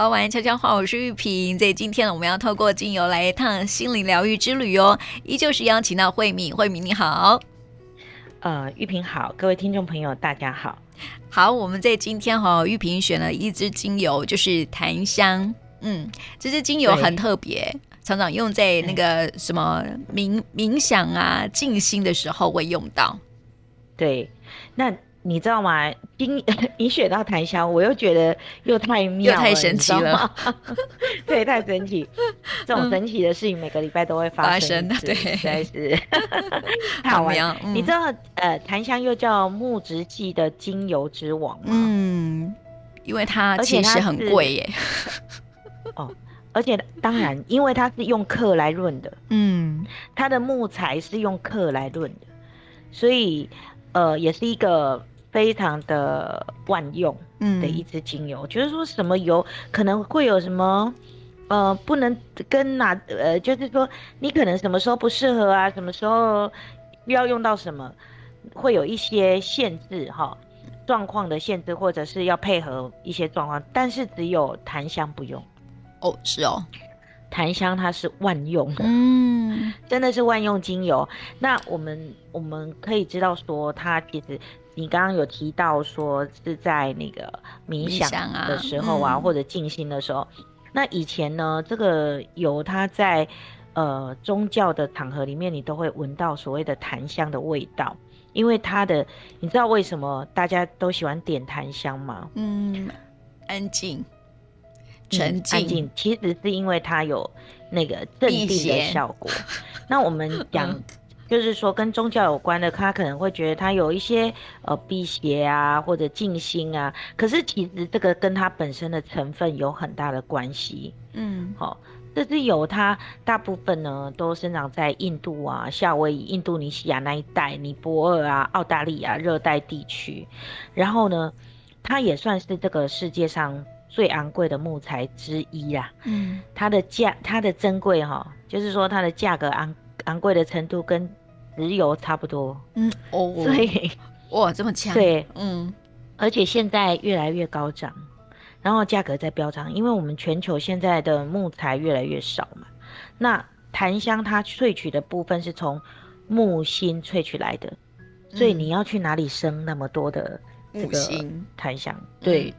好，歡迎悄悄話，我是郁蘋。在今天呢，我們要透過精油來一趟心靈療癒之旅哦。依舊是邀請到慧敏，慧敏你好，呃，郁蘋好，各位聽眾朋友大家好，好，我們在今天哈、哦，郁蘋選了一支精油，就是檀香，嗯，這支精油很特別，常常對用在那個什麼冥冥想啊、靜心的時候會用到，對，那。你知道嗎？冰，你選到檀香，我又覺得又太妙了，又太神奇了。 對，太神奇！這種神奇的事情每個禮拜都會發生的，對，實在是 好玩。嗯、你知道，呃，檀香又叫木質系的精油之王嗎？嗯，因為它其實很貴耶。 哦，而且當然，因為它是用克來論的。嗯，它的木材是用克來論的，所以呃，也是一個。非常的萬用，嗯，的一支精油，就是、嗯、說什麼油可能會有什麼，呃，不能跟哪，呃，就是說你可能什麼時候不適合啊，什麼時候要用到什麼，會有一些限制哈，狀況的限制或者是要配合一些狀況，但是只有檀香不用，哦，是哦。檀香它是萬用的，嗯，真的是萬用精油。那我們我們可以知道說，它其實你剛剛有提到說是在那個冥想的時候啊，啊嗯、或者靜心的時候。那以前呢，這個油它在呃宗教的場合裡面，你都會聞到所謂的檀香的味道，因為它的，你知道為什麼大家都喜歡點檀香嗎？嗯，安靜。沉、嗯、安靜其實是因為它有那個鎮定的效果。辟邪 那我們講，就是說跟宗教有關的，它 可能會覺得它有一些呃辟邪，啊或者靜心啊。可是其實這個跟它本身的成分有很大的關係。嗯，好、哦，這支油它大部分呢都生長在印度啊、夏威夷、印度尼西亞那一帶、尼泊爾啊、澳大利亞熱帶地區。然後呢，它也算是這個世界上。最昂貴的木材之一啊，嗯，它的價，它的珍貴哈、喔，就是說它的價格昂昂貴的程度跟石油差不多，嗯哦，哦，所以哇這麼強，對，嗯，而且現在越來越高漲，然後價格在飆漲，因為我們全球現在的木材越來越少嘛，那檀香它萃取的部分是從木芯萃取來的，嗯、所以你要去哪裡生那麼多的這個檀香？嗯、對。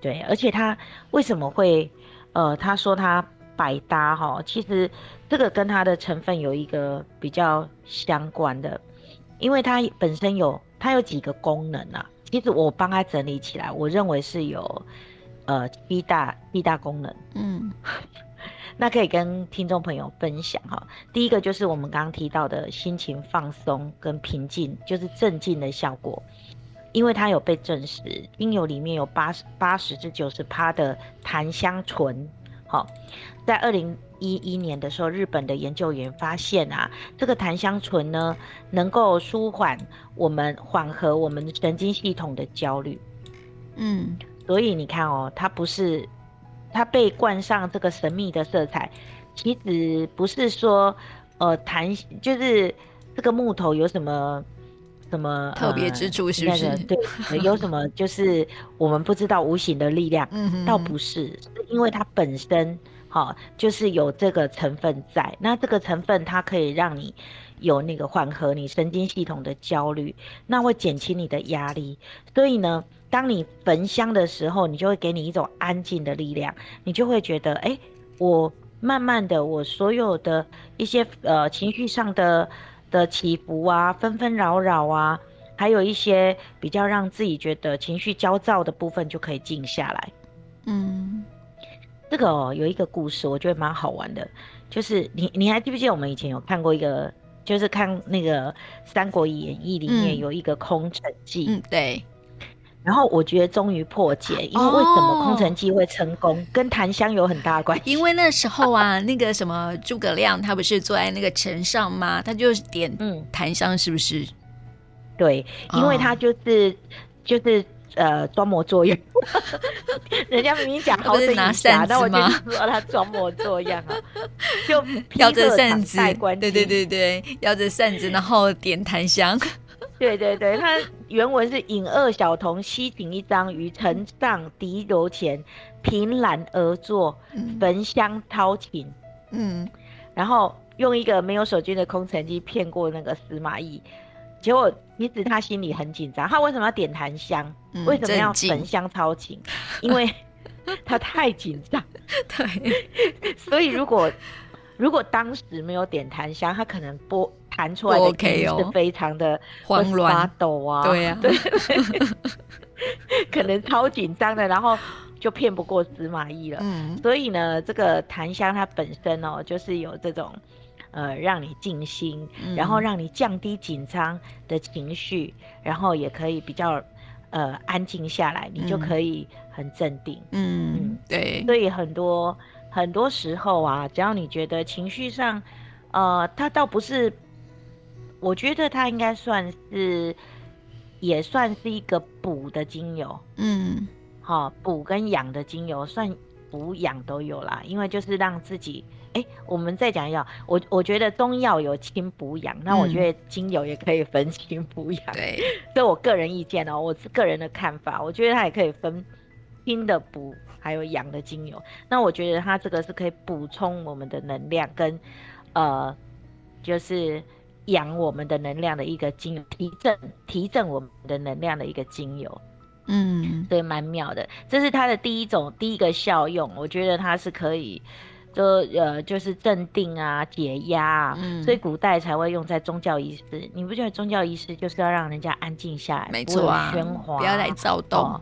對，而且他為什麼會，呃，他說他百搭哈、哦，其實這個跟它的成分有一個比較相關的，因為它本身有它有幾個功能啊。其實我幫他整理起來，我認為是有呃一大一大功能，嗯， 那可以跟聽眾朋友分享哈、哦。第一個就是我們剛剛提到的心情放鬆跟平靜，就是鎮靜的效果。因為它有被證實，精油裡面有八十八十至九十趴的檀香醇。好、哦，在二零一一年的時候，日本的研究員發現啊，這個檀香醇呢，能夠舒緩我們緩和我們神經系統的焦慮。嗯，所以你看哦，它不是，它被冠上這個神秘的色彩，其實不是說，呃，檀就是這個木頭有什麼。什麼、呃、特別之處是不是？對，有什麼？就是我們不知道無形的力量。 倒不是，因為它本身、喔，就是有這個成分在。那這個成分它可以讓你有那個緩和你神經系統的焦慮，那會減輕你的壓力。所以呢，當你焚香的時候，你就會給你一種安靜的力量，你就會覺得，哎、欸，我慢慢的，我所有的一些呃情緒上的。的起伏啊，紛紛擾擾啊，還有一些比較讓自己覺得情緒焦躁的部分，就可以靜下來。嗯，這個哦，有一個故事，我覺得蠻好玩的，就是你你還記不記得我們以前有看過一個，就是看那個《三國演義》裡面有一個空城計。嗯嗯。對。然後我覺得終於破解，因為為什麼空城計會成功，哦、跟檀香有很大關係。因為那時候啊，那個什麼諸葛亮他不是坐在那個城上嗎？他就是點檀香，是不是、嗯？對，因為他就是、哦、就是呃裝模作樣。 人家明明講好整以暇，他不是拿扇子嗎，我就說他裝模作樣啊，就搖着扇子，對對對對，對，搖着扇子，然後點檀香。 對對對，他原文是“引二小童攜琴，攜琴一張於城上敵樓前，憑欄而坐，嗯、焚香操琴。”嗯，然後用一個沒有守軍的空城計騙過那個司馬懿，結果其實他心裡很緊張。他為什麼要點檀香？嗯、為什麼要焚香操琴？嗯、因為他太緊張。對， 所以如果如果當時沒有點檀香，他可能播。彈出來的是非常的、OK 哦、慌亂、發抖啊，對呀，可能超緊張的，然後就騙不過司馬懿了。嗯，所以呢，這個檀香它本身哦、喔，就是有這種呃，讓你靜心，嗯、然後讓你降低緊張的情緒，然後也可以比較呃安靜下來，你就可以很鎮定。嗯，嗯對。所以很多很多時候啊，只要你覺得情緒上呃，它倒不是。我覺得它應該算是，也算是一個補的精油，嗯，好補跟養的精油，算補養都有啦。因為就是讓自己，哎、欸，我們再講一下，我我覺得中藥有清補養，那我覺得精油也可以分清補養，嗯、 對，這我個人意見哦、喔，我是個人的看法，我覺得它也可以分清的補還有養的精油。那我覺得它這個是可以補充我們的能量跟，呃，就是。養我們的能量的一個精油，提振提振我們的能量的一個精油，嗯，對，蠻妙的。這是它的第一種第一個效用，我覺得它是可以，就呃就是鎮定啊，解壓啊。嗯，所以古代才會用在宗教儀式，你不覺得宗教儀式就是要讓人家安靜下來，沒錯啊，不會喧嘩，不要來躁動。哦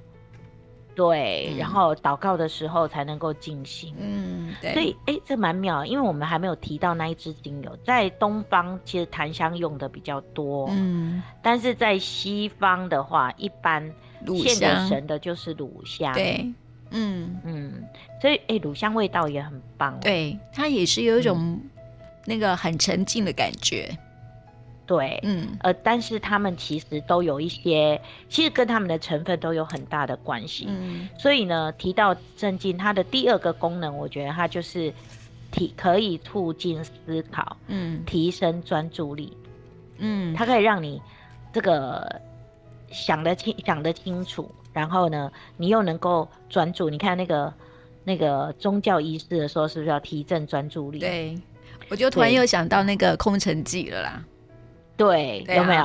對，然後禱告的時候才能夠靜心。嗯，對，所以哎，這蠻妙，因為我們還沒有提到那一支精油，在東方其實檀香用的比較多。嗯，但是在西方的話，一般獻給神的就是乳香，乳香。對，嗯嗯，所以哎，乳香味道也很棒，對，它也是有一種、嗯、那個很沉靜的感覺。對，嗯，呃，但是他們其實都有一些，其實跟他們的成分都有很大的關係。嗯，所以呢，提到鎮靜，它的第二個功能，我覺得它就是提可以促進思考，嗯，提升專注力，嗯，它可以讓你這個想得清，想得清楚，然後呢，你又能夠專注。你看那個那個宗教儀式的時候，是不是要提振專注力？對，我就突然對又想到那個空城計了啦。對，有沒有？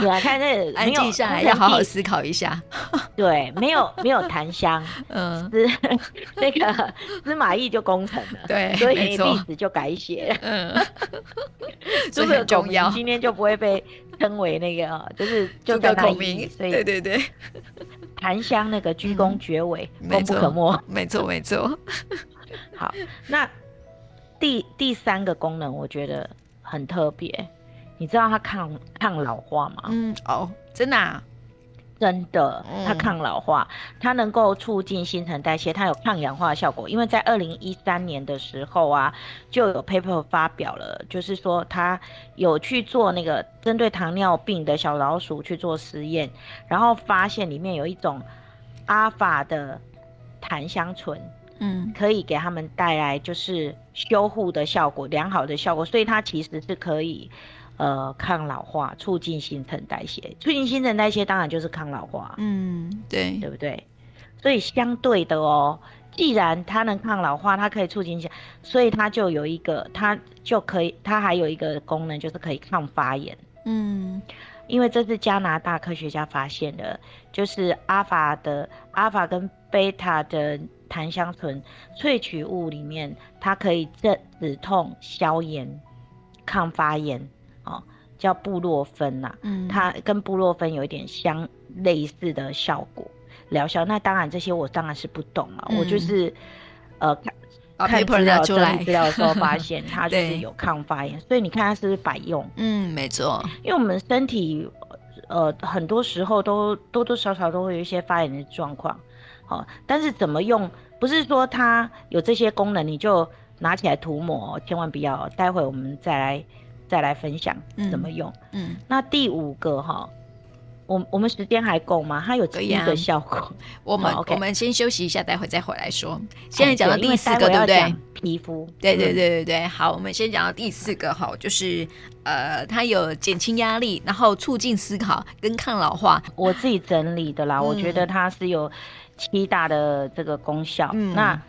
你看那安靜下來，要好好思考一下。對，沒有沒有檀香，嗯，那個司馬懿就攻城了，對，所以歷史就改寫了，嗯，就是重要。今天就不會被稱為那個，就是就在孔明。所以，對對對。檀香那個居功厥偉，功不可沒，沒錯沒錯。好，那第第三個功能，我覺得很特別。你知道它抗抗老化嗎？嗯哦，真的、啊，真的，它抗老化，它、嗯、能夠促進新陳代謝，它有抗氧化效果。因為在二零一三年的時候啊，就有 paper 發表了，就是說它有去做那個針對糖尿病的小老鼠去做實驗，然後發現裡面有一種阿法的檀香醇，嗯，可以給他們帶來就是修護的效果，良好的效果，所以它其實是可以。呃，抗老化，促進新陳代謝，促進新陳代謝當然就是抗老化。嗯，對，對不對？所以相對的哦、喔，既然它能抗老化，它可以促進一下，所以它就有一個，它就可以，它還有一個功能就是可以抗發炎。嗯，因為這是加拿大科學家發現的，就是阿法的阿法跟貝塔的檀香醇萃取物裡面，它可以鎮止痛、消炎、抗發炎。叫布洛芬吶，嗯、它跟布洛芬有一點相類似的效果療效。那當然這些我當然是不懂啊，嗯、我就是呃看看資料、啊、整理資料的時候發現它就是有抗發炎， 對所以你看它是不是百用？嗯，沒錯。因為我們身體呃很多時候都多多少少都會有一些發炎的狀況，好，但是怎麼用？不是說它有這些功能你就拿起來塗抹，千萬不要。待會我們再來。再來分享、嗯、怎麼用。嗯，那第五個哈，我我們時間還夠嗎？它有怎樣的效果。啊、我們、oh, okay. 我們先休息一下，待會再回來說。現在講到第四個，對不、欸、對？皮膚。對對對對對，好，我們先講到第四個哈，就是呃，它有減輕壓力，然後促進思考跟抗老化。我自己整理的啦，嗯、我覺得它是有七大的這個功效。嗯、那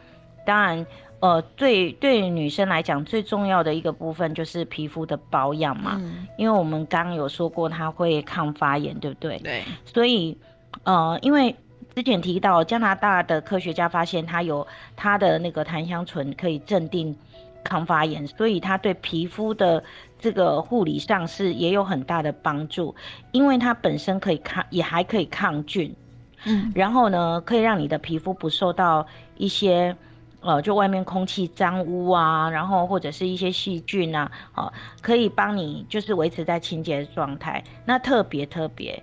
當然。呃，對對，女生來講最重要的一個部分就是皮膚的保養嘛，嗯，因為我們剛剛有說過它會抗發炎，對不對？對，所以，呃，因為之前提到加拿大的科學家發現它有它的那個檀香醇可以鎮定抗發炎，所以它對皮膚的這個護理上是也有很大的幫助，因為它本身可以抗，也還可以抗菌，嗯，然後呢，可以讓你的皮膚不受到一些。呃、就外面空氣髒污啊，然後或者是一些細菌啊、呃，可以幫你就是維持在清潔的狀態。那特別特別，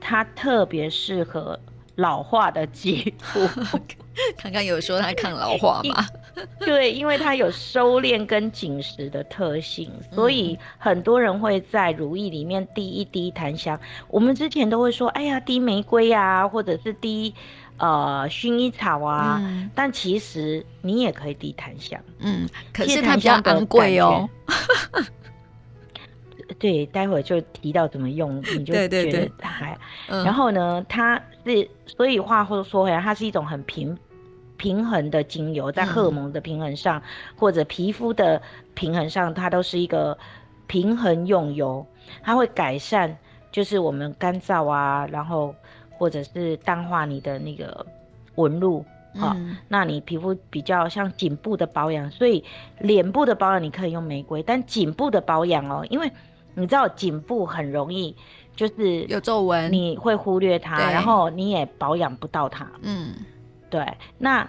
它特別適合老化的肌膚。剛剛 有說它抗老化嗎？對， 因為它有收斂跟緊實的特性，嗯、所以很多人會在乳液裡面滴一滴檀香。我們之前都會說，哎呀，滴玫瑰啊，或者是滴。呃，薰衣草啊，嗯、但其實你也可以滴檀香。嗯，可是它比較、哦、檀香昂貴、嗯、哦。 對，待會兒就提到怎麼用，你就覺得它。然後呢，它是，所以話話說回來，它是一種很平平衡的精油，在荷爾蒙的平衡上，嗯、或者皮膚的平衡上，它都是一個平衡用油。它會改善，就是我們乾燥啊，然後。或者是淡化你的那個紋路，嗯哦、那你皮膚比較像頸部的保養，所以臉部的保養你可以用玫瑰，但頸部的保養哦，因為你知道頸部很容易就是有皺紋，你會忽略它，皂然後你也保養不到它。嗯，對，那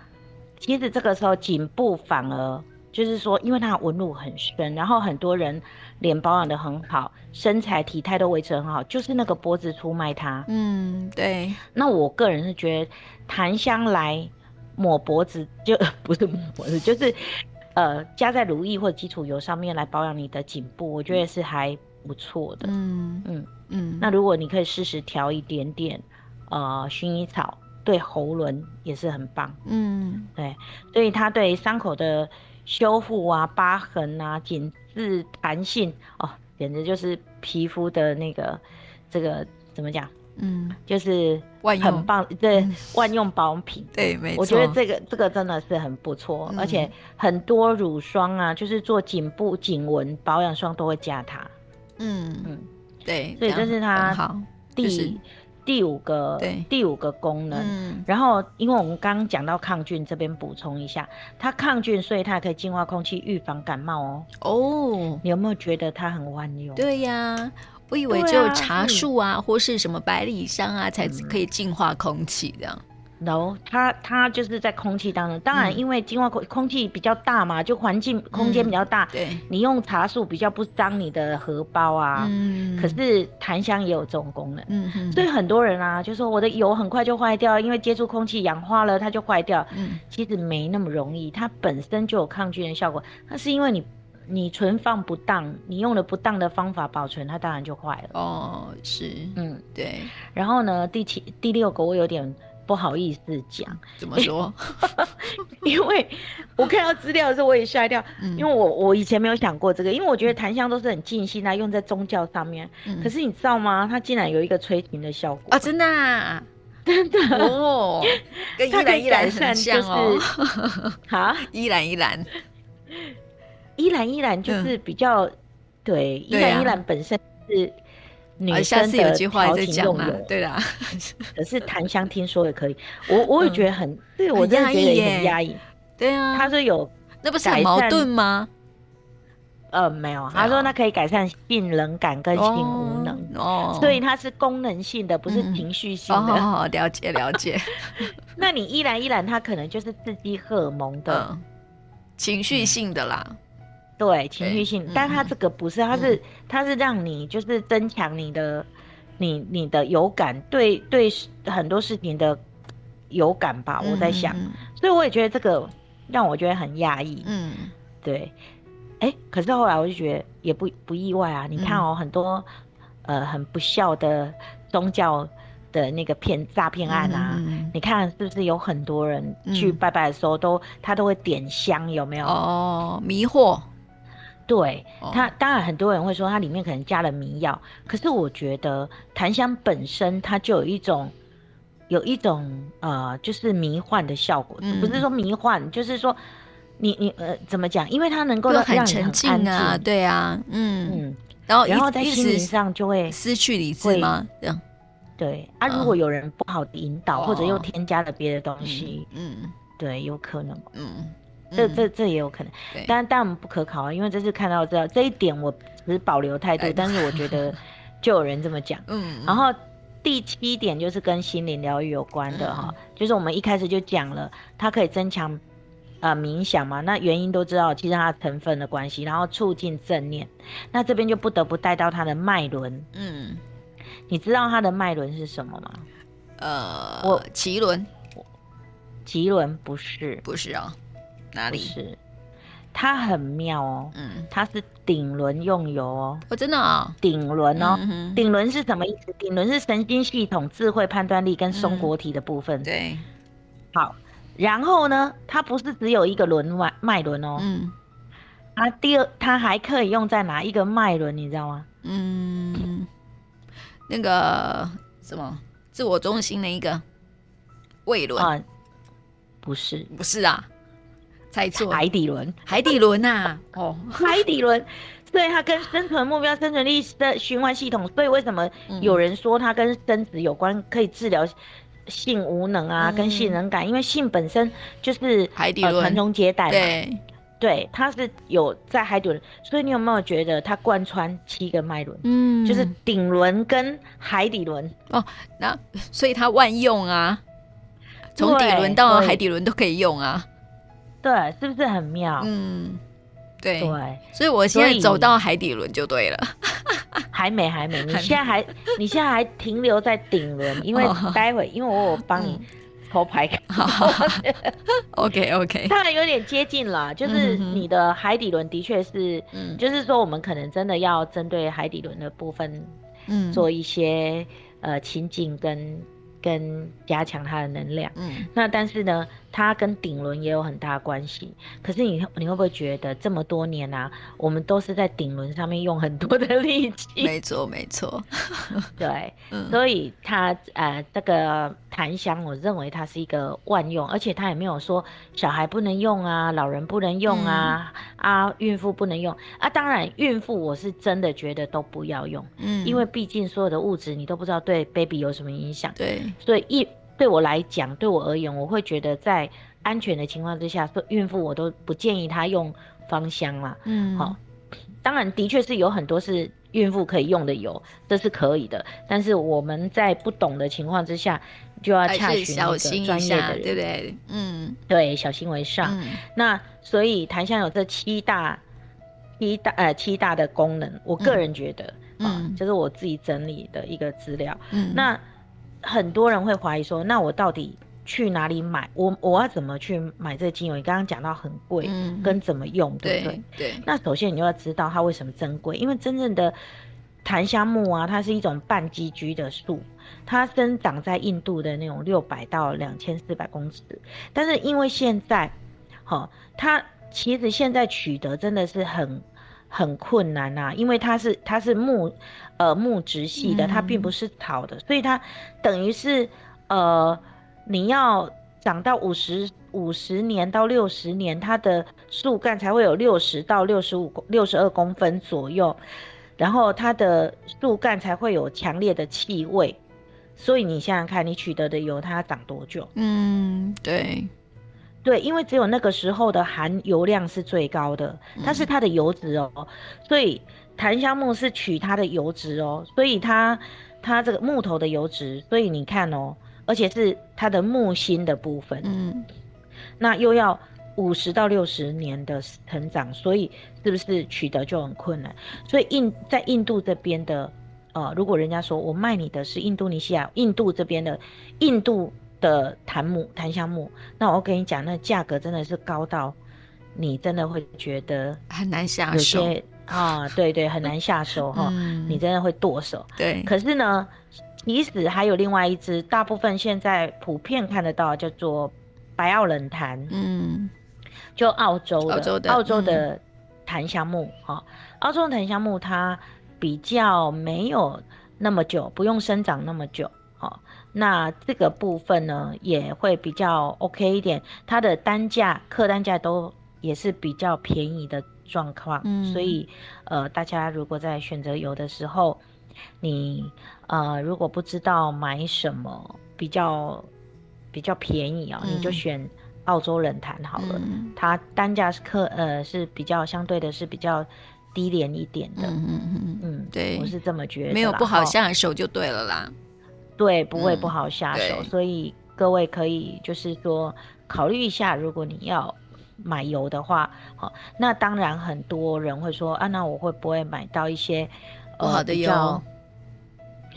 其實這個時候頸部反而。就是說，因為它紋路很深，然後很多人臉保養的很好，身材體態都維持得很好，就是那個脖子出賣它。嗯，對。那我個人是覺得，檀香來抹脖子就不是抹脖子，就是呃加在乳液或基礎油上面來保養你的頸部，嗯、我覺得是還不錯的。嗯嗯嗯。嗯嗯，那如果你可以試試調一點點，呃，薰衣草對喉嚨也是很棒。嗯，對。所以它對傷口的。修復啊，疤痕啊，緊緻彈性哦，簡直就是皮膚的那個，這個怎麼講？嗯，就是萬用，很棒，對，萬用保養品，嗯，對，沒錯。我覺得這個這個真的是很不錯，嗯、而且很多乳霜啊，就是做頸部頸紋保養霜都會加它。嗯嗯，對，所以這是它第，就是第五個，對第五個功能，嗯、然後因為我們剛剛講到抗菌，這邊補充一下，它抗菌，所以它也可以淨化空氣，預防感冒哦。哦，你有沒有覺得它很萬用？對呀、啊，我以為只有茶樹啊，啊或是什麼百里香啊，嗯、才可以淨化空氣這樣。然後、no, 它，它就是在空氣當中。當然，因為淨化空、嗯、空氣比較大嘛，就環境空間比較大。嗯、對，你用茶樹比較不髒你的荷包啊。嗯。可是檀香也有這種功能。嗯哼所以很多人啊，就說我的油很快就壞掉，因為接觸空氣氧化了，它就壞掉。嗯。其實沒那麼容易，它本身就有抗菌的效果。那是因為你，你存放不當，你用了不當的方法保存，它當然就壞了。哦，是。嗯，對。然後呢，第七、第六個，我有點。不好意思講，怎麼說？ 因為我看到資料的時候，我也嚇掉，嗯、因為我我以前沒有想過這個，因為我覺得檀香都是很靜心啊，用在宗教上面。嗯、可是你知道嗎？它竟然有一個催情的效果啊！真的，啊， 真的哦。跟依蘭依蘭很像，哦，依蘭依蘭就是好。依蘭依蘭、依蘭、依蘭，就是比較，對，依蘭、依蘭本身是。女生的有，啊、有句話情講油，對的。可是檀香聽說也可以，我我也覺得很，嗯、對我真的覺得也很壓抑。對啊，他說有，那不是矛盾嗎？呃，沒有，啊、他說那可以改善性冷感跟性無能哦，oh, oh. 所以它是功能性的，不是情緒性的。好，嗯 oh, oh,，了解了解。 那你依蘭依蘭，它可能就是刺激荷爾蒙的，嗯、情緒性的啦。對，情緒性，嗯、但他這個不是，他是他是讓你就是增強你的，嗯、你你的有感對對很多事情的有感吧。我在想，嗯嗯嗯、所以我也覺得這個讓我覺得很壓抑。嗯，對，哎、欸，可是後來我就覺得也不不意外啊。你看哦、喔、嗯、很多呃很不孝的宗教的那個騙詐騙案啊，嗯嗯、你看是不是有很多人去拜拜的時候都、嗯、他都會點香，有沒有？哦，迷惑。對它，哦、當然很多人會說它裡面可能加了迷藥，可是我覺得檀香本身它就有一種，有一種呃，就是迷幻的效果，嗯、不是說迷幻，就是說你你呃怎麼講？因為它能夠讓你很安靜、啊，對啊，嗯，嗯然後然後在心靈上就會失去理智嗎？對，對啊，如果有人不好引導，哦、或者又添加了別的東西，嗯，嗯對，有可能，嗯。這這這也有可能，嗯、但但我們不可考啊，因為這次看到這這一點，我只是保留態度，吧但是我覺得就有人這麼講。嗯，然後第七點就是跟心靈療癒有關的哈、哦，嗯、就是我們一開始就講了，它可以增強、呃、冥想嘛，那原因都知道，其實它成分的關係，然後促進正念，那這邊就不得不帶到它的脈輪。嗯，你知道它的脈輪是什麼嗎？呃，我臍輪，臍輪不是，不是啊。哪裡是？它很妙哦，嗯，它是頂輪用油哦。我、哦、真的啊，頂輪哦，頂輪、哦嗯、哼頂輪是什麼意思？頂輪是神經系統、智慧判斷力跟松果體的部分。嗯、對，好，然後呢，它不是只有一個輪外脈輪哦，嗯，它第二它還可以用在哪一個脈輪，你知道嗎？嗯，那個什麼自我中心的一個胃輪對輪、啊，不是，不是啊。在做海底輪，海底輪吶、啊，它啊、哦，海底輪，對 它跟生存目標、生存力的循環系統。所以為什麼有人說它跟生殖有關，可以治療性無能啊，嗯、跟性能感，因為性本身就是海底輪傳宗接代嘛。對，對，它是有在海底輪。所以你有沒有覺得它貫穿七個脈輪？嗯，就是頂輪跟海底輪、嗯。哦，那所以它萬用啊，從底輪到海底輪都可以用啊。對，是不是很妙？嗯，對對，所以我現在走到海底輪就對了，還沒還沒。你現在還你現在還停留在頂輪，因為待會因為我我幫你抽牌。好，OK OK。當然有點接近了，就是你的海底輪的確是，就是說我們可能真的要針對海底輪的部分，嗯，做一些情景跟跟加強它的能量。嗯，那但是呢。它跟頂輪也有很大關係，可是你你會不會覺得這麼多年啊，我們都是在頂輪上面用很多的力氣？ 沒錯，沒錯。對，嗯、所以它呃，這個檀香，我認為它是一個萬用，而且它也沒有說小孩不能用啊，老人不能用啊，嗯、啊，孕婦不能用啊。當然，孕婦我是真的覺得都不要用，嗯，因為畢竟所有的物質你都不知道對 baby 有什麼影響。對，所以一。對我來講，對我而言，我會覺得在安全的情況之下，孕婦我都不建議她用芳香啦。嗯，好、哦，當然的確是有很多是孕婦可以用的油，這是可以的。但是我們在不懂的情況之下，就要洽詢那個專業的人，對不對？嗯，對，小心為上。嗯、那所以檀香有這七大、一大呃七大的功能，我個人覺得，嗯，這、哦嗯、是我自己整理的一個資料。嗯，那。很多人會懷疑說：“那我到底去哪裡買？我我要怎麼去買這精油？你剛剛講到很貴，嗯、哼跟怎麼用，對不對？對，那首先你就要知道它為什麼珍貴，因為真正的檀香木啊，它是一種半寄居的樹，它生長在印度的那種六百到兩千四百公尺。但是因為現在，好、哦，它其實現在取得真的是很很困難吶、啊，因為它是它是木。”呃，木質系的，它並不是草的，嗯、所以它等於是呃，你要長到五十五十年到六十年，它的樹幹才會有六十到六十五六十二公分左右，然後它的樹幹才會有強烈的氣味。所以你想想看，你取得的油，它要長多久？嗯，對，對，因為只有那個時候的含油量是最高的，但是它的油脂哦、喔，嗯、所以。檀香木是取它的油脂哦，所以它它這個木頭的油脂，所以你看哦，而且是它的木心的部分，嗯，那又要五十到六十年的成長，所以是不是取得就很困難？所以印在印度這邊的，呃，如果人家說我賣你的是印度尼西亞、印度這邊的印度的檀木、檀香木，那我跟你講，那價格真的是高到你真的會覺得有些很難想象。啊，對對，很難下手哈，哦嗯、你真的會剁手。對，可是呢，即使還有另外一隻，大部分現在普遍看得到叫做白澳冷檀，嗯，就澳洲的澳洲的檀香木，哦，澳洲的檀香木它比較沒有那麼久，不用生長那麼久，哦。那這個部分呢也會比較 OK 一點，它的單價客單價都也是比較便宜的。狀況，嗯、所以，呃，大家如果在選擇油的時候，你，呃，如果不知道買什麼比較比較便宜啊、哦，嗯、你就選澳洲冷檀好了，嗯、它單價是客呃是比較相對的是比較低廉一點的，嗯嗯嗯，嗯對，我是這麼覺得，沒有不好下手就對了啦，對，不會不好下手，嗯、所以各位可以就是說考慮一下，如果你要，買油的話，好，那當然很多人會說啊，那我會不會買到一些不、哦、好的油？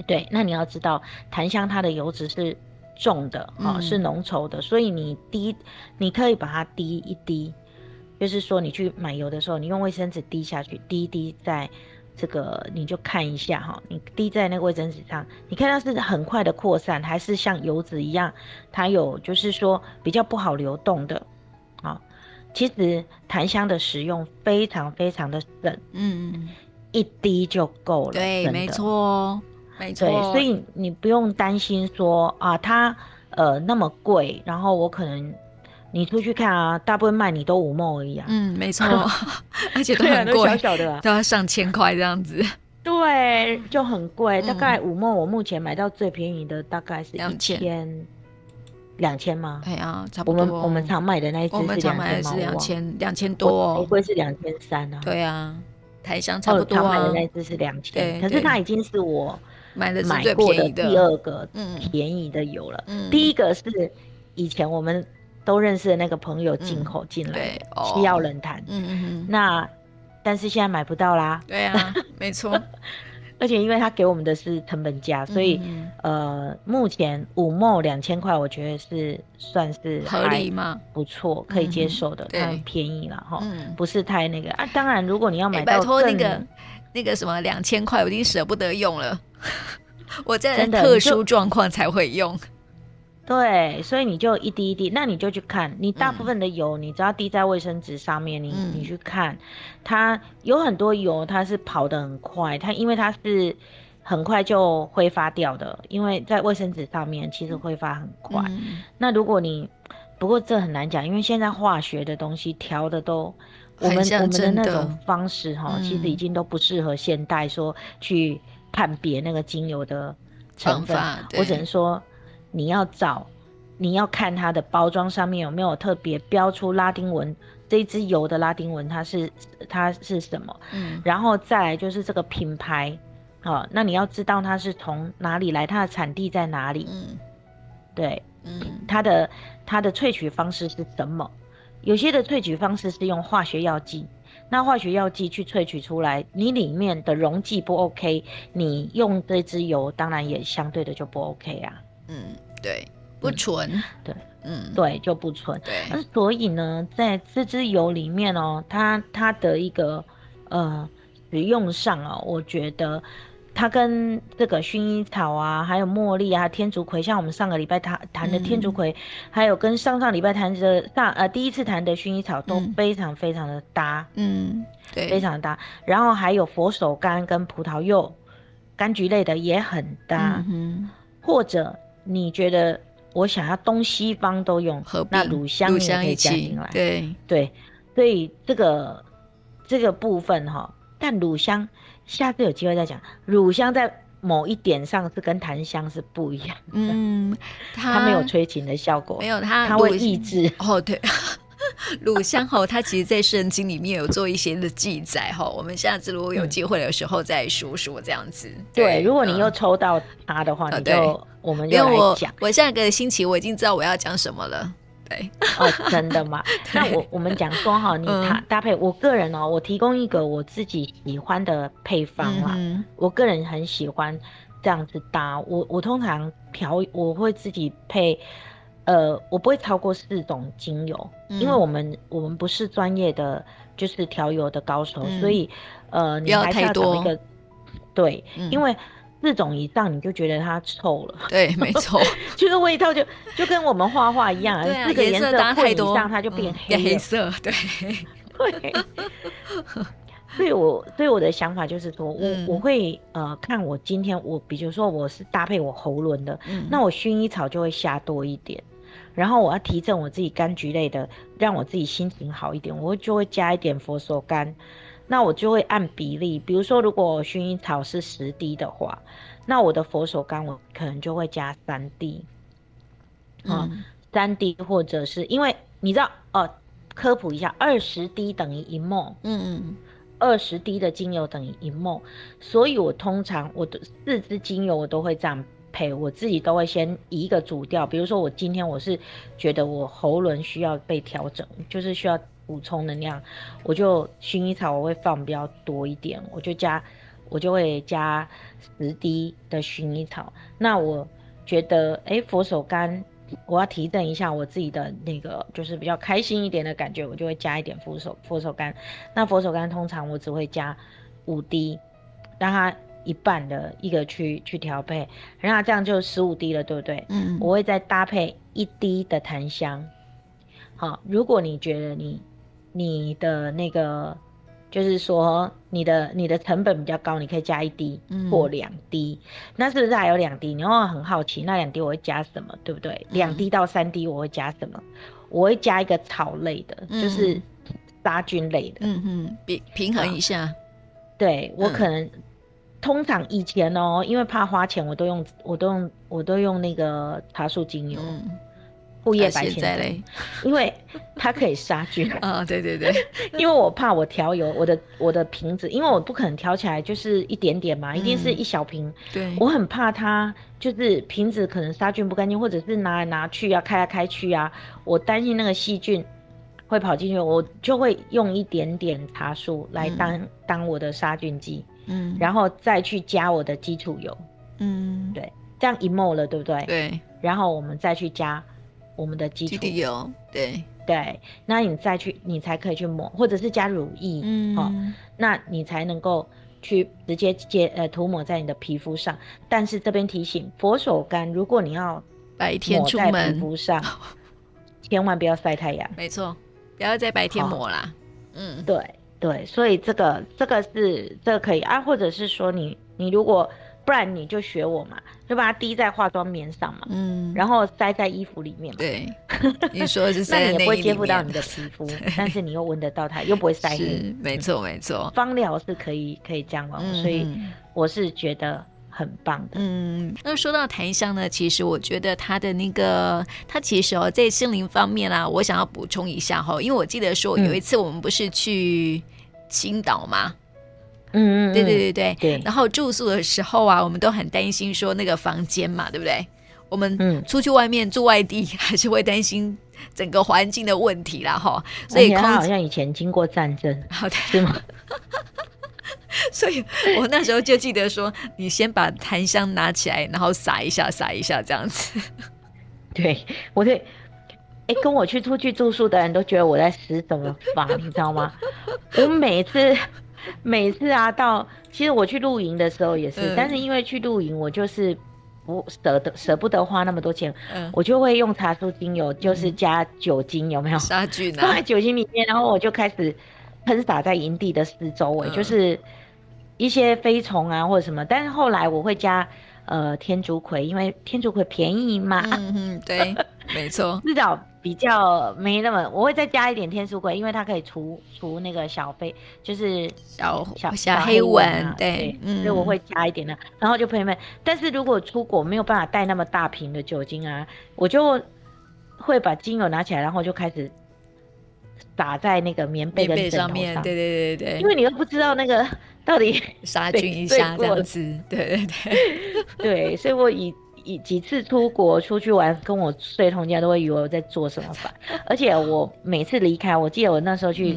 對，那你要知道，檀香它的油脂是重的，啊，是濃稠的，嗯、所以你滴，你可以把它滴一滴，就是說你去買油的時候，你用衛生紙滴下去，滴滴在這個，你就看一下哈，你滴在那個衛生紙上，你看它是很快的擴散，還是像油脂一樣，它有就是說比較不好流動的，啊。其實檀香的使用非常非常的省，嗯，一滴就夠了。對，的沒錯，沒錯。所以你不用擔心說啊，它呃那麼貴，然後我可能你出去看啊，大部分賣你都 5ml 而已啊。嗯，沒錯，嗯、而且都很貴，都、啊、小小的，都要上千塊這樣子。對，就很貴。嗯、大概 5ml，我目前買到最便宜的大概是一千。兩千嗎？對啊、哎，差不多、哦我。我們常買的那一支是兩千,千，兩千多、哦。玫瑰是兩千三啊。對啊，檀香差不多、啊。哦、買的那一支是兩千，對可是它已經是我對買的買過的第二個便宜的油了。嗯、第一個是以前我們都認識的那個朋友進口進來，需要冷談。哦、人嗯，嗯嗯。那但是現在買不到啦。對啊，沒錯。 而且因為他給我們的是成本價，所以、嗯、哼呃，目前 5ml 兩千塊，我覺得是算是合理嗎？不錯，可以接受的，太、嗯、哼便宜了哈，不是太那個。啊，當然，如果你要買、欸、拜托那個那個什麼兩千塊，我已經捨不得用了，真的 我在特殊狀況才會用。對，所以你就一滴一滴，那你就去看，你大部分的油，你只要滴在衛生紙上面，嗯、你你去看，它有很多油，它是跑得很快，它因為它是很快就揮發掉的，因為在衛生紙上面其實揮發很快。嗯、那如果你，不過這很難講，因為現在化學的東西調的都，我們我們的那種方式哈，嗯、其實已經都不適合現代說去判別那個精油的成分，我只能說。你要找，你要看它的包裝上面有沒有特別標出拉丁文，這一支油的拉丁文它是它是什麼？嗯，然後再來就是這個品牌，哦、啊，那你要知道它是從哪裡來，它的產地在哪裡？嗯，對，嗯，它的它的萃取方式是什麼？有些的萃取方式是用化學藥劑，那化學藥劑去萃取出來，你裡面的溶劑不 OK，你用這支油當然也相對的就不 OK 啊。嗯，對，不純，對，嗯，對，就不純，對。那、啊、所以呢，在這支油裡面哦、喔，它它的一個，呃，使用上哦、喔，我覺得它跟這個薰衣草啊，還有茉莉啊，天竺葵，像我們上個禮拜談談的天竺葵，嗯、還有跟上上禮拜談的上呃第一次談的薰衣草都非常非常的搭，嗯，嗯，對，非常搭。然後還有佛手柑跟葡萄柚，柑橘類的也很搭，嗯、哼或者。你覺得我想要東西方都用，必那乳香也可以加進來。對對，所以這個這個部分哈，但乳香下次有機會再講。乳香在某一點上是跟檀香是不一樣的，嗯，它沒有催情的效果，沒有它，它會抑制。哦，對。乳香猴他其實在聖經裡面有做一些的記載哈。 我們下次如果有機會的時候再說說這樣子。嗯、對，嗯、如果你又抽到他的話，哦、你就、嗯、我們要講。我下個星期，我已經知道我要講什麼了。對，哦，真的嗎？ 對那我我們講說哈，你搭搭配，我個人哦、喔，我提供一個我自己喜歡的配方啦。嗯、哼我個人很喜歡這樣子搭，我我通常調，我會自己配。呃，我不會超過四種精油，因為我們我們不是專業的就是調油的高手，所以呃，不要太多。一個對，因為四種以上你就覺得它臭了。對，沒錯，就是味道就就跟我們畫畫一樣，四個顏色配以上它就變黑色，對。對，所以我對我的想法就是說，我我會呃看我今天我比如說我是搭配我喉嚨的，那我薰衣草就會下多一點。然後我要提振我自己柑橘類的，讓我自己心情好一點，我就會加一點佛手柑。那我就會按比例，比如說如果薰衣草是十滴的話，那我的佛手柑我可能就會加三滴、啊，三滴、嗯、或者是因為你知道哦，科普一下，二十滴等於一 ml，嗯嗯嗯，二十滴的精油等於一 ml，所以我通常我的四支精油我都會這樣。配我自己都會先一個主調，比如說我今天我是覺得我喉輪需要被調整，就是需要補充能量，我就薰衣草我會放比較多一點，我就加我就會加十滴的薰衣草。那我覺得哎佛手柑，我要提振一下我自己的那個就是比較開心一點的感覺，我就會加一點佛手佛手柑。那佛手柑通常我只會加五滴，當它。一半的一個去去調配，然後這樣就十五滴了，對不對？嗯，我會再搭配一滴的檀香。好、哦，如果你覺得你你的那個，就是說你的你的成本比較高，你可以加一滴或兩滴。嗯、那是不是還有兩滴？你會很好奇，那兩滴我會加什麼，對不對？兩、嗯、滴到三滴我會加什麼？我會加一個草類的，嗯、就是殺菌類的。嗯嗯，平平衡一下。對，我可能、嗯。通常以前哦、喔，因為怕花錢我，我都用我都用我都用那個茶樹精油，嗯，布葉白千層因為它可以殺菌啊、 哦，對對對，對， 因為我怕我調油，我的我的瓶子，因為我不可能調起來就是一點點嘛，嗯、一定是一小瓶，對，我很怕它就是瓶子可能殺菌不乾淨，或者是拿來拿去啊，開來開去啊，我擔心那個細菌會跑進去，我就會用一點點茶樹來當、嗯、當我的殺菌劑。嗯，然後再去加我的基礎油，嗯，對，這樣一抹了，對不對？對，然後我們再去加我們的基礎油，對對，那你再去，你才可以去抹，或者是加乳液，嗯，哦，那你才能夠去直接接呃塗抹在你的皮膚上。但是這邊提醒，佛手柑如果你要抹白天出門，千萬不要曬太陽，沒錯，不要在白天抹啦，哦、嗯，對。對，所以這個這個是這個可以啊，或者是說你你如果不然你就學我嘛，就把它滴在化妝棉上嘛，嗯，然後塞在衣服裡面嘛。對， 你說的是塞在 那你也不會接觸到你的皮膚，對但是你又聞得到它，又不會塞進，沒錯沒錯，芳療是可以可以這樣玩，嗯、所以我是覺得很棒的。嗯，那說到檀香呢，其實我覺得它的那個它其實哦，在心靈方面啦，我想要補充一下哈、哦，因為我記得說有一次我們不是去。嗯青島嘛，嗯，嗯，嗯，對對對對，對然後住宿的時候啊，我們都很擔心說那個房間嘛，對不對？我們出去外面，嗯、住外地，還是會擔心整個環境的問題啦，哈。所以它好像以前經過戰爭，好的是嗎？ 所以我那時候就記得說， 你先把檀香拿起來，然後撒一下，撒一下這樣子。對，我對。哎、欸，跟我去出去住宿的人都覺得我在施什麼法，你知道嗎？ 我每次，每次啊，到其實我去露營的時候也是，嗯、但是因為去露營，我就是不捨得捨不得花那麼多錢，嗯、我就會用茶樹精油，就是加酒精，嗯、有沒有殺菌啊。放在酒精裡面，然後我就開始噴灑在營地的四周，圍、嗯，就是一些飛蟲啊或者什麼。但是後來我會加呃天竺葵，因為天竺葵便宜嘛。嗯嗯，對。沒錯，至少比較沒那麼，我會再加一點天竺葵，因為它可以除除那個小飛，就是小小小黑蚊，啊，對，嗯、所以我會加一點的，啊。然後就朋友們，但是如果出國沒有辦法帶那麼大瓶的酒精啊，我就會把精油拿起來，然後就開始灑在那個棉被的枕頭上面上面。對對對對，因為你又不知道那個到底殺菌一下，對，對對對對，對，所以我以。 幾幾次出國出去玩，跟我睡同間都會以為我在做什麼吧。而且我每次離開，我記得我那時候去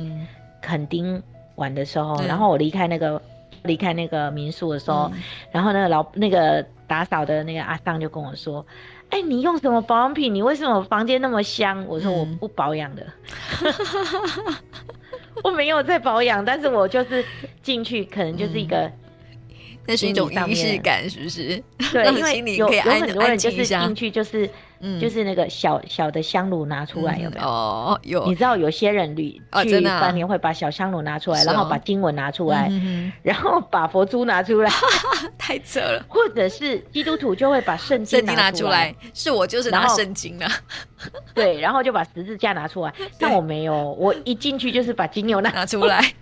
墾丁玩的時候，嗯、然後我離開那個離開那個民宿的時候，嗯、然後那個老那個打掃的那個阿桑就跟我說：“哎、欸，你用什麼保養品？你為什麼房間那麼香？”我說：“我不保養的，嗯、 我沒有在保養，但是我就是進去，可能就是一個。”那是一種儀式感，是不是？對，因為有有很多人就是進去，就是，嗯、就是那個小小的香爐拿出來，有沒有、嗯？哦，有。你知道有些人旅去一般你會把小香爐拿出來，啊啊、然後把經文拿出來，哦嗯、然後把佛珠拿出來， 太扯了。或者是基督徒就會把聖經，經拿出來，是我就是拿聖經啊，對，然後就把十字架拿出來。對但我沒有，我一進去就是把精油拿拿出來。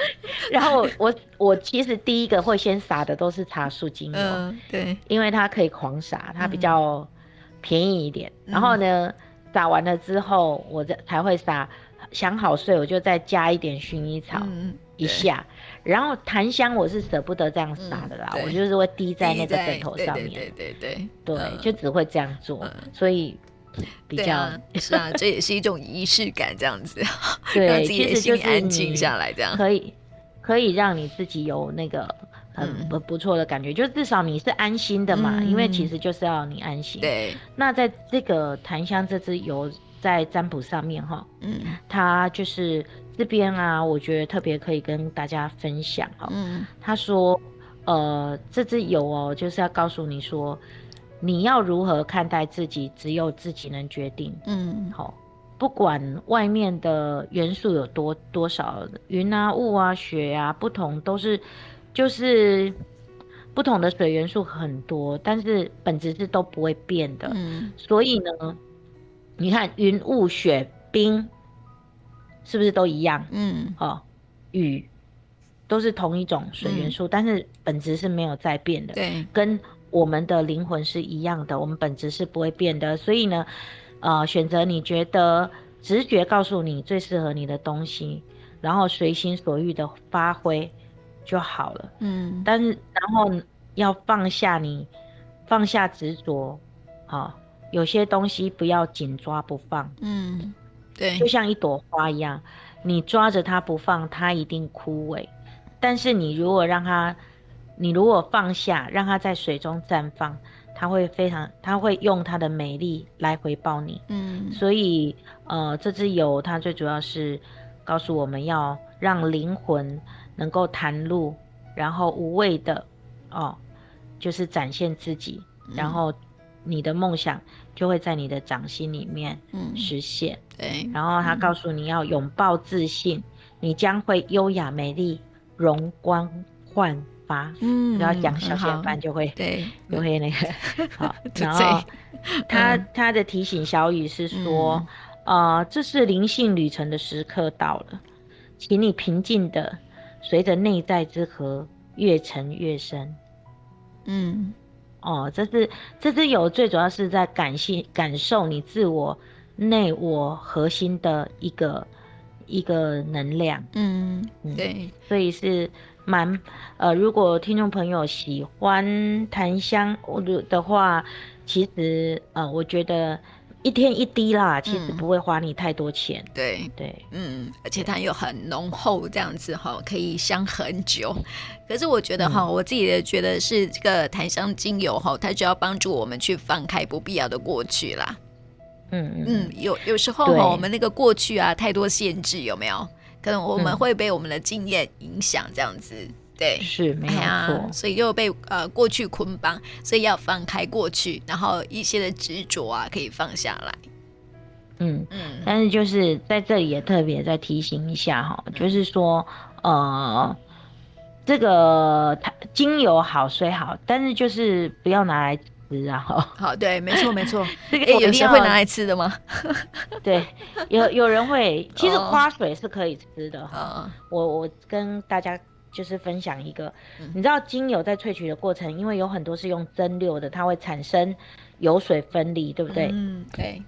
然後我 我其實第一個會先撒的都是茶樹精油，呃、對，因為它可以狂撒，它比較便宜一點。嗯、然後呢，撒完了之後，我再才會撒，想好睡我就再加一點薰衣草一下。嗯、然後檀香我是捨不得這樣撒的啦，嗯、我就是會滴在那個枕頭上面，對對對，對對對，對嗯、就只會這樣做，嗯、所以。比較啊是啊， 這也是一種儀式感，這樣子，對 讓自己的心安靜下來，這樣可以可以讓你自己有那個很不不錯的感覺，嗯、就至少你是安心的嘛，嗯、因為其實就是要你安心。對、嗯，那在這個檀香這支油在占卜上面哈，嗯，它就是這邊啊，我覺得特別可以跟大家分享、哦、嗯，他說，呃，這支油哦，就是要告訴你說。你要如何看待自己，只有自己能決定。嗯，好、哦，不管外面的元素有多多少雲啊、霧啊、雪啊，不同都是，就是不同的水元素很多，但是本質是都不會變的。嗯，所以呢，你看雲、霧、雪、冰，是不是都一樣？嗯，哦、雨都是同一種水元素，嗯、但是本質是沒有在變的。對，跟。我們的靈魂是一樣的，我們本質是不會變的，所以呢，呃，選擇你覺得直覺告訴你最適合你的東西，然後隨心所欲的發揮就好了。嗯，但然後要放下你，放下執着，好、哦，有些東西不要緊抓不放。嗯，對，就像一朵花一樣，你抓着它不放，它一定枯萎。但是你如果讓它你如果放下，讓它在水中綻放，它會非常，它會用它的美麗來回報你。嗯，所以，呃，這支油它最主要是告訴我們要讓靈魂能夠袒露，嗯、然後無畏的，哦，就是展現自己，嗯、然後你的夢想就會在你的掌心裡面實現。對、嗯，然後它告訴你要擁抱自信，嗯、你將會優雅美麗，容光煥。嗯，要講小鮮飯就會，嗯、就會對，就會那個。 好，然後他他的提醒小雨是說，啊、嗯呃，這是靈性旅程的時刻到了，請你平靜的隨着內在之河越沉越深。嗯，哦，這是這是有最主要是在感性感受你自我內我核心的一個一個能量。嗯，嗯對，所以是。蠻，呃，如果聽眾朋友喜歡檀香，我的話，其實呃，我覺得一天一滴啦，嗯、其實不會花你太多錢。對對，對嗯，而且它又很濃厚，這樣子哈，可以香很久。可是我覺得哈，對我自己的覺得自己也覺得是這個檀香精油哈，它就要幫助我們去放開不必要的過去啦。嗯嗯，有有時候對我們那個過去啊，太多限制，有沒有？可能我們會被我們的經驗影響，這樣子，嗯、對，是沒有錯，啊，所以又被呃過去綑綁，所以要放開過去，然後一些的執着啊可以放下來。嗯嗯，嗯但是就是在這裡也特別再提醒一下哈，嗯、就是說呃，這個它精油好雖好，但是就是不要拿來。吃啊！ 好，好對，沒錯沒錯。哎、欸，有些會拿來吃的嗎？ 對，有有人會。其實花水是可以吃的。Oh. Oh. 我我跟大家就是分享一個，oh. 你知道精油在萃取的過程，因為有很多是用蒸餾的，它會產生油水分離，對不對？嗯，對。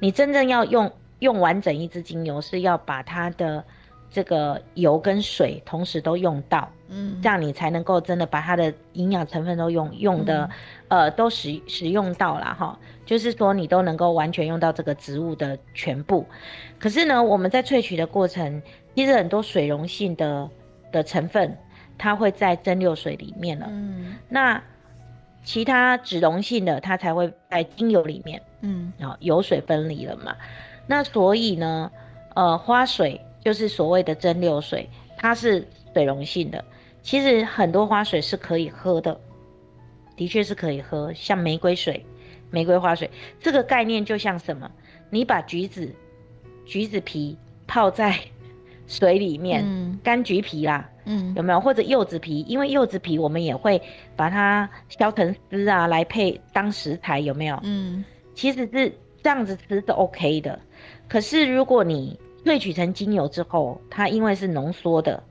你真正要用用完整一支精油，是要把它的。這個油跟水同時都用到，嗯，這樣你才能夠真的把它的營養成分都用用的，嗯、呃，都使使用到了哈。就是說你都能夠完全用到這個植物的全部。可是呢，我們在萃取的過程，其實很多水溶性的的成分，它會在蒸餾水裡面了，嗯，那其他脂溶性的它才會在精油裡面，嗯，啊，油水分離了嘛。那所以呢，呃，花水。就是所謂的蒸餾水，它是水溶性的。其實很多花水是可以喝的，的確是可以喝。像玫瑰水、玫瑰花水這個概念，就像什麼？你把橘子、橘子皮泡在水裡面，嗯，柑橘皮啦，嗯，有沒有？或者柚子皮，因為柚子皮我們也會把它削成絲啊，來配當食材，有沒有？嗯，其實是這樣子吃是 OK 的。可是如果你萃取成精油之後，它因為是濃縮的，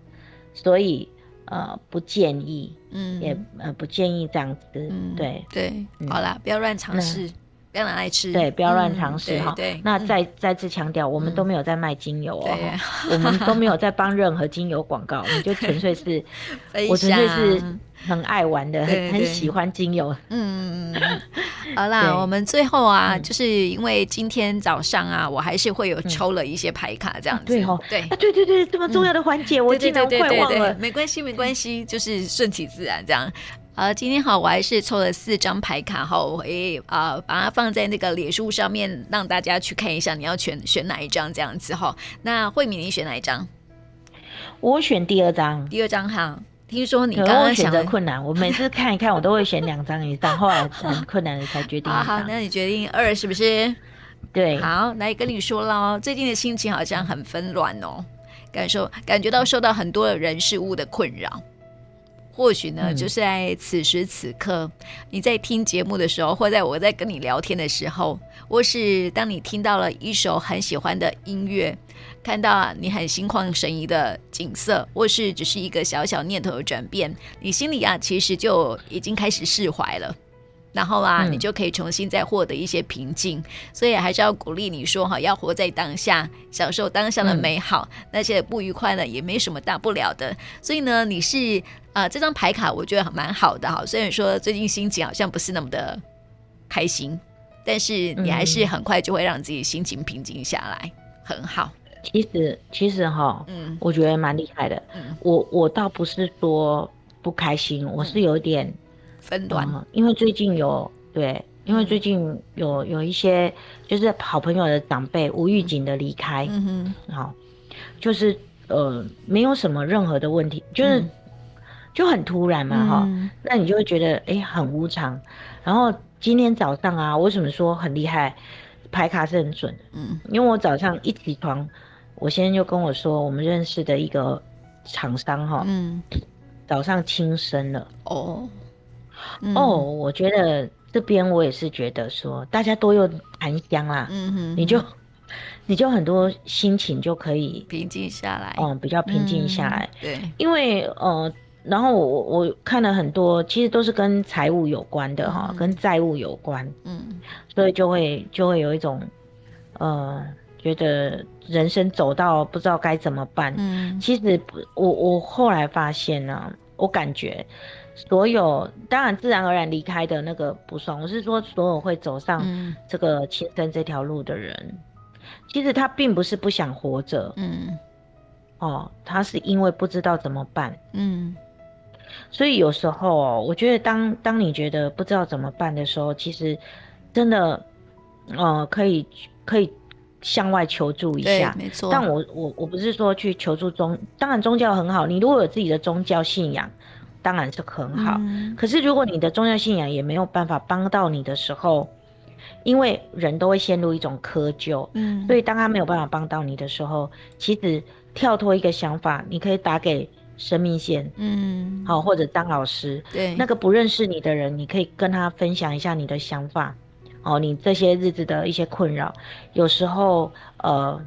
所以呃不建議，嗯，也呃不建議這樣子，對、嗯、對，對嗯、好啦，不要亂嘗試。嗯吃，對，不要亂嘗試哈。對，那再再次強調，我們都沒有在賣精油哦，我們都沒有在幫任何精油廣告，我們就純粹是，我純粹是很愛玩的，很喜歡精油。嗯，好啦，我們最後啊，就是因為今天早上啊，我還是會有抽了一些牌卡這樣子。對對對，這麼重要的環節，我已經都快忘了，沒關係沒關係，就是順其自然這樣。呃，今天好，我還是抽了四張牌卡，好，我會啊、呃，把它放在那個臉書上面，讓大家去看一下，你要選選哪一張這樣子哈。那慧敏，你選哪一張？我選第二張。第二張哈，聽說你剛剛選擇困難，我每次看一看，我都會選兩張一張， 後來很困難才決定。好，那你決定二是不是？對，好，來跟你說嘍，最近的心情好像很紛亂哦，感受感覺到受到很多人事物的困擾。或許呢，就是在此時此刻，嗯、你在聽節目的時候，或在我在跟你聊天的時候，或是當你聽到了一首很喜歡的音樂，看到啊你很心曠神怡的景色，或是只是一個小小念頭的轉變，你心裡啊其實就已經開始釋懷了。然後啊，嗯、你就可以重新再獲得一些平靜，所以還是要鼓勵你說哈，要活在當下，享受當下的美好，嗯、那些不愉快呢，也沒什麼大不了的。所以呢，你是啊、呃，這張牌卡我覺得蠻好的哈，雖然說最近心情好像不是那麼的開心，但是你還是很快就會讓自己心情平靜下來，嗯、很好。其實其實哈，嗯，我覺得蠻厲害的。嗯、我我倒不是說不開心，嗯、我是有點。嘛、嗯，因為最近有對，因為最近有有一些就是好朋友的長輩無預警的離開，嗯，好哼，就是呃，沒有什麼任何的問題，就是、嗯、就很突然嘛哈，嗯、那你就會覺得哎、欸、很無常。然後今天早上啊，為什麼說很厲害？牌卡是很準的，嗯，因為我早上一起床，我先生就跟我說，我們認識的一個廠商哈，嗯、早上輕生了，哦。哦，嗯、我覺得這邊我也是覺得說，大家都有檀香啦，嗯哼哼你就，你就很多心情就可以平靜下來，嗯，比較平靜下來，嗯、對，因為呃，然後我我看了很多，其實都是跟財務有關的哈，嗯、跟債務有關，嗯，所以就會就會有一種，呃，覺得人生走到不知道該怎麼辦，嗯，其實我我後來發現呢、啊，我感覺。所有當然自然而然離開的那個不算，我是說所有會走上這個輕生這條路的人，嗯、其實他並不是不想活着，嗯，哦，他是因為不知道怎麼辦，嗯，所以有時候哦，我覺得當當你覺得不知道怎麼辦的時候，其實真的，呃，可以可以向外求助一下，沒錯。但我我我不是說去求助宗，當然宗教很好，你如果有自己的宗教信仰。當然是很好，嗯、可是如果你的重要信仰也沒有辦法幫到你的時候，因為人都會陷入一種窠臼，嗯，所以當他沒有辦法幫到你的時候，嗯、其實跳脫一個想法，你可以打給生命線，嗯，好、喔，或者當老師，對，那個不認識你的人，你可以跟他分享一下你的想法，哦、喔，你這些日子的一些困擾，有時候，呃，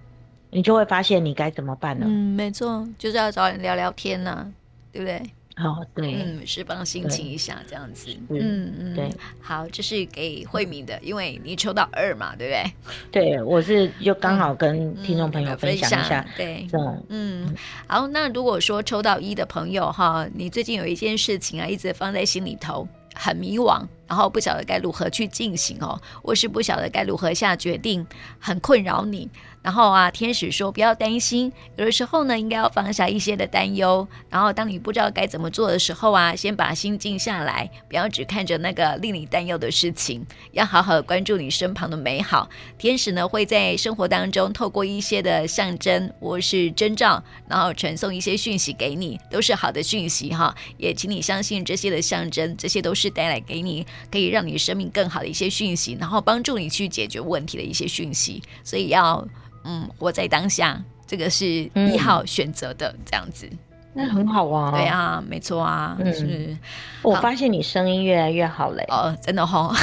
你就會發現你該怎麼辦呢？嗯，沒錯，就是要找人聊聊天呢、啊，對不對？好、哦，對，嗯，是幫心情一下對這樣子，嗯是嗯，對，好，這是給慧敏的，因為你抽到二嘛，對不對？對，我是就剛好跟聽眾朋友分享一下，對、嗯，嗯，種嗯，好，那如果說抽到一的朋友哈，你最近有一件事情啊，一直放在心裡頭，很迷惘。然後不曉得該如何去進行哦，或是不曉得該如何下決定，很困擾你。然後啊，天使說不要擔心，有的時候呢，應該要放下一些的擔憂。然後當你不知道該怎麼做的時候啊，先把心靜下來，不要只看着那個令你擔憂的事情，要好好關注你身旁的美好。天使呢會在生活當中透過一些的象徵，或是徵兆，然後傳送一些訊息給你，都是好的訊息哈、哦。也請你相信這些的象徵，這些都是帶來給你。可以讓你生命更好的一些訊息，然後幫助你去解決問題的一些訊息，所以要嗯活在當下，這個是一號選擇的、嗯、這樣子。那很好啊、哦。對啊，沒錯啊，嗯、是。我發現你聲音越來越好嘞、欸。哦，真的吼。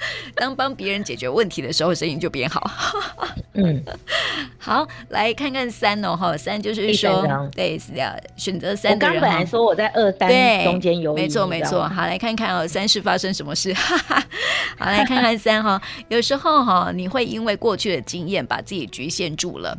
當幫別人解決問題的時候，聲音就變好。 嗯，好，來看看三、喔、哦，哈，三就是說，對，是的，選擇三的人本來說我在二三中間猶豫，沒錯沒錯。好，來看看哦，三是發生什麼事？哈 哈好，來看看三哈、喔， 有時候哈、喔，你會因為過去的經驗把自己局限住了。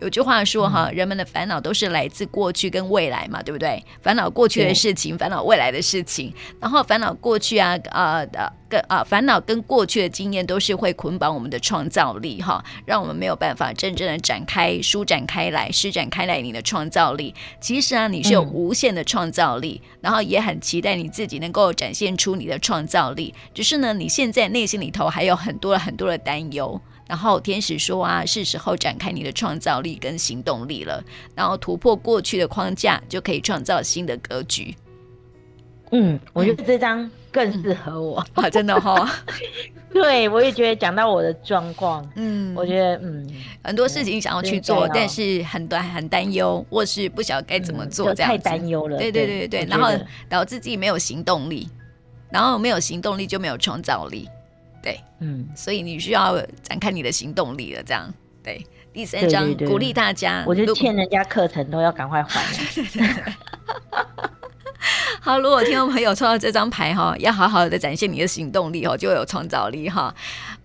有句話說哈，人們的煩惱都是來自過去跟未來嘛，對不對？煩惱過去的事情，嗯、煩惱未來的事情，然後煩惱過去啊，呃呃、啊，的跟啊煩惱跟過去的經驗都是會捆綁我們的創造力哈，讓我們沒有辦法真正的展開、舒展開來、施展開來你的創造力。其實啊，你是有無限的創造力，嗯、然後也很期待你自己能夠展現出你的創造力，只是呢，你現在內心裡頭還有很多很多的擔憂。然後天使說啊，是時候展開你的創造力跟行動力了，然後突破過去的框架，就可以創造新的格局。嗯，我覺得這張更適合我，哇、 啊，真的哈、哦。 對，我也覺得講到我的狀況，嗯，我覺得嗯，很多事情想要去做，嗯哦，但是很多很擔憂，嗯，或是不曉得該怎麼做，這樣，嗯，太擔憂了。對對對對對，對然後導致自己沒有行動力，然後沒有行動力就沒有創造力。對，嗯，所以你需要展開你的行動力了，這樣。對，第三張鼓勵大家，我就欠人家課程都要趕快還。對對對。好，如果聽眾朋友抽到這張牌哈，要好好的展現你的行動力哈，就會有創造力哈。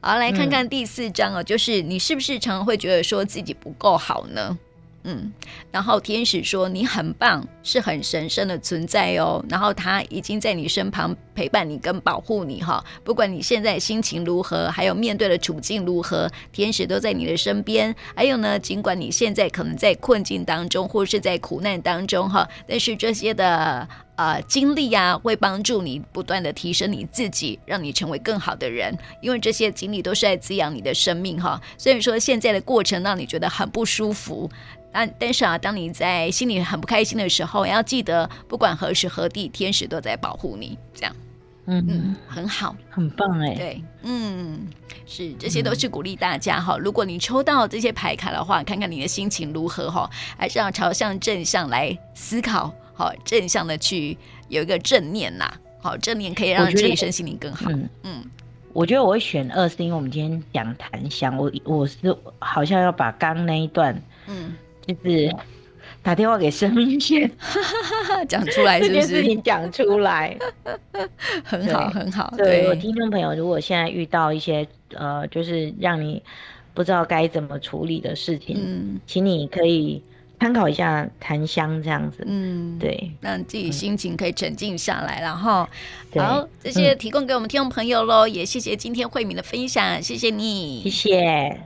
好，來看看第四張哦，就是你是不是常常會覺得說自己不夠好呢？嗯，然後天使說，你很棒，是很神聖的存在哦。然後他已經在你身旁陪伴你跟保護你哈，不管你現在心情如何，還有面對的處境如何，天使都在你的身邊。還有呢，盡管你現在可能在困境當中，或是在苦難當中哈，但是這些的。呃，經歷呀，會幫助你不斷地提升你自己，讓你成為更好的人。因為這些經歷都是在滋養你的生命，哈。雖然說現在的過程讓、啊、你覺得很不舒服，但但是啊，當你在心裡很不開心的時候，要記得，不管何時何地，天使都在保護你。這樣，嗯嗯，很好，很棒、欸，哎，對，嗯，是，這些都是鼓勵大家哈。嗯、如果你抽到這些牌卡的話，看看你的心情如何哈，還是要朝向正向來思考。好，正向的去，有一個正念吶、啊，好正念可以讓這一身心靈更好。嗯嗯，嗯我覺得我會選二，是因為我們今天講檀香，我我是好像要把剛那一段，嗯，就是打電話給生命線、嗯，哈哈哈，講出來是不是這件事情講出來，很好 很好。對,好對我聽眾朋友，如果現在遇到一些呃，就是讓你不知道該怎麼處理的事情，嗯，請你可以。參考一下檀香這樣子，嗯，對，讓自己心情可以沉靜下來，嗯、然後，對好，這些也提供給我們聽眾朋友嘍，嗯、也謝謝今天慧敏的分享，謝謝你，謝謝。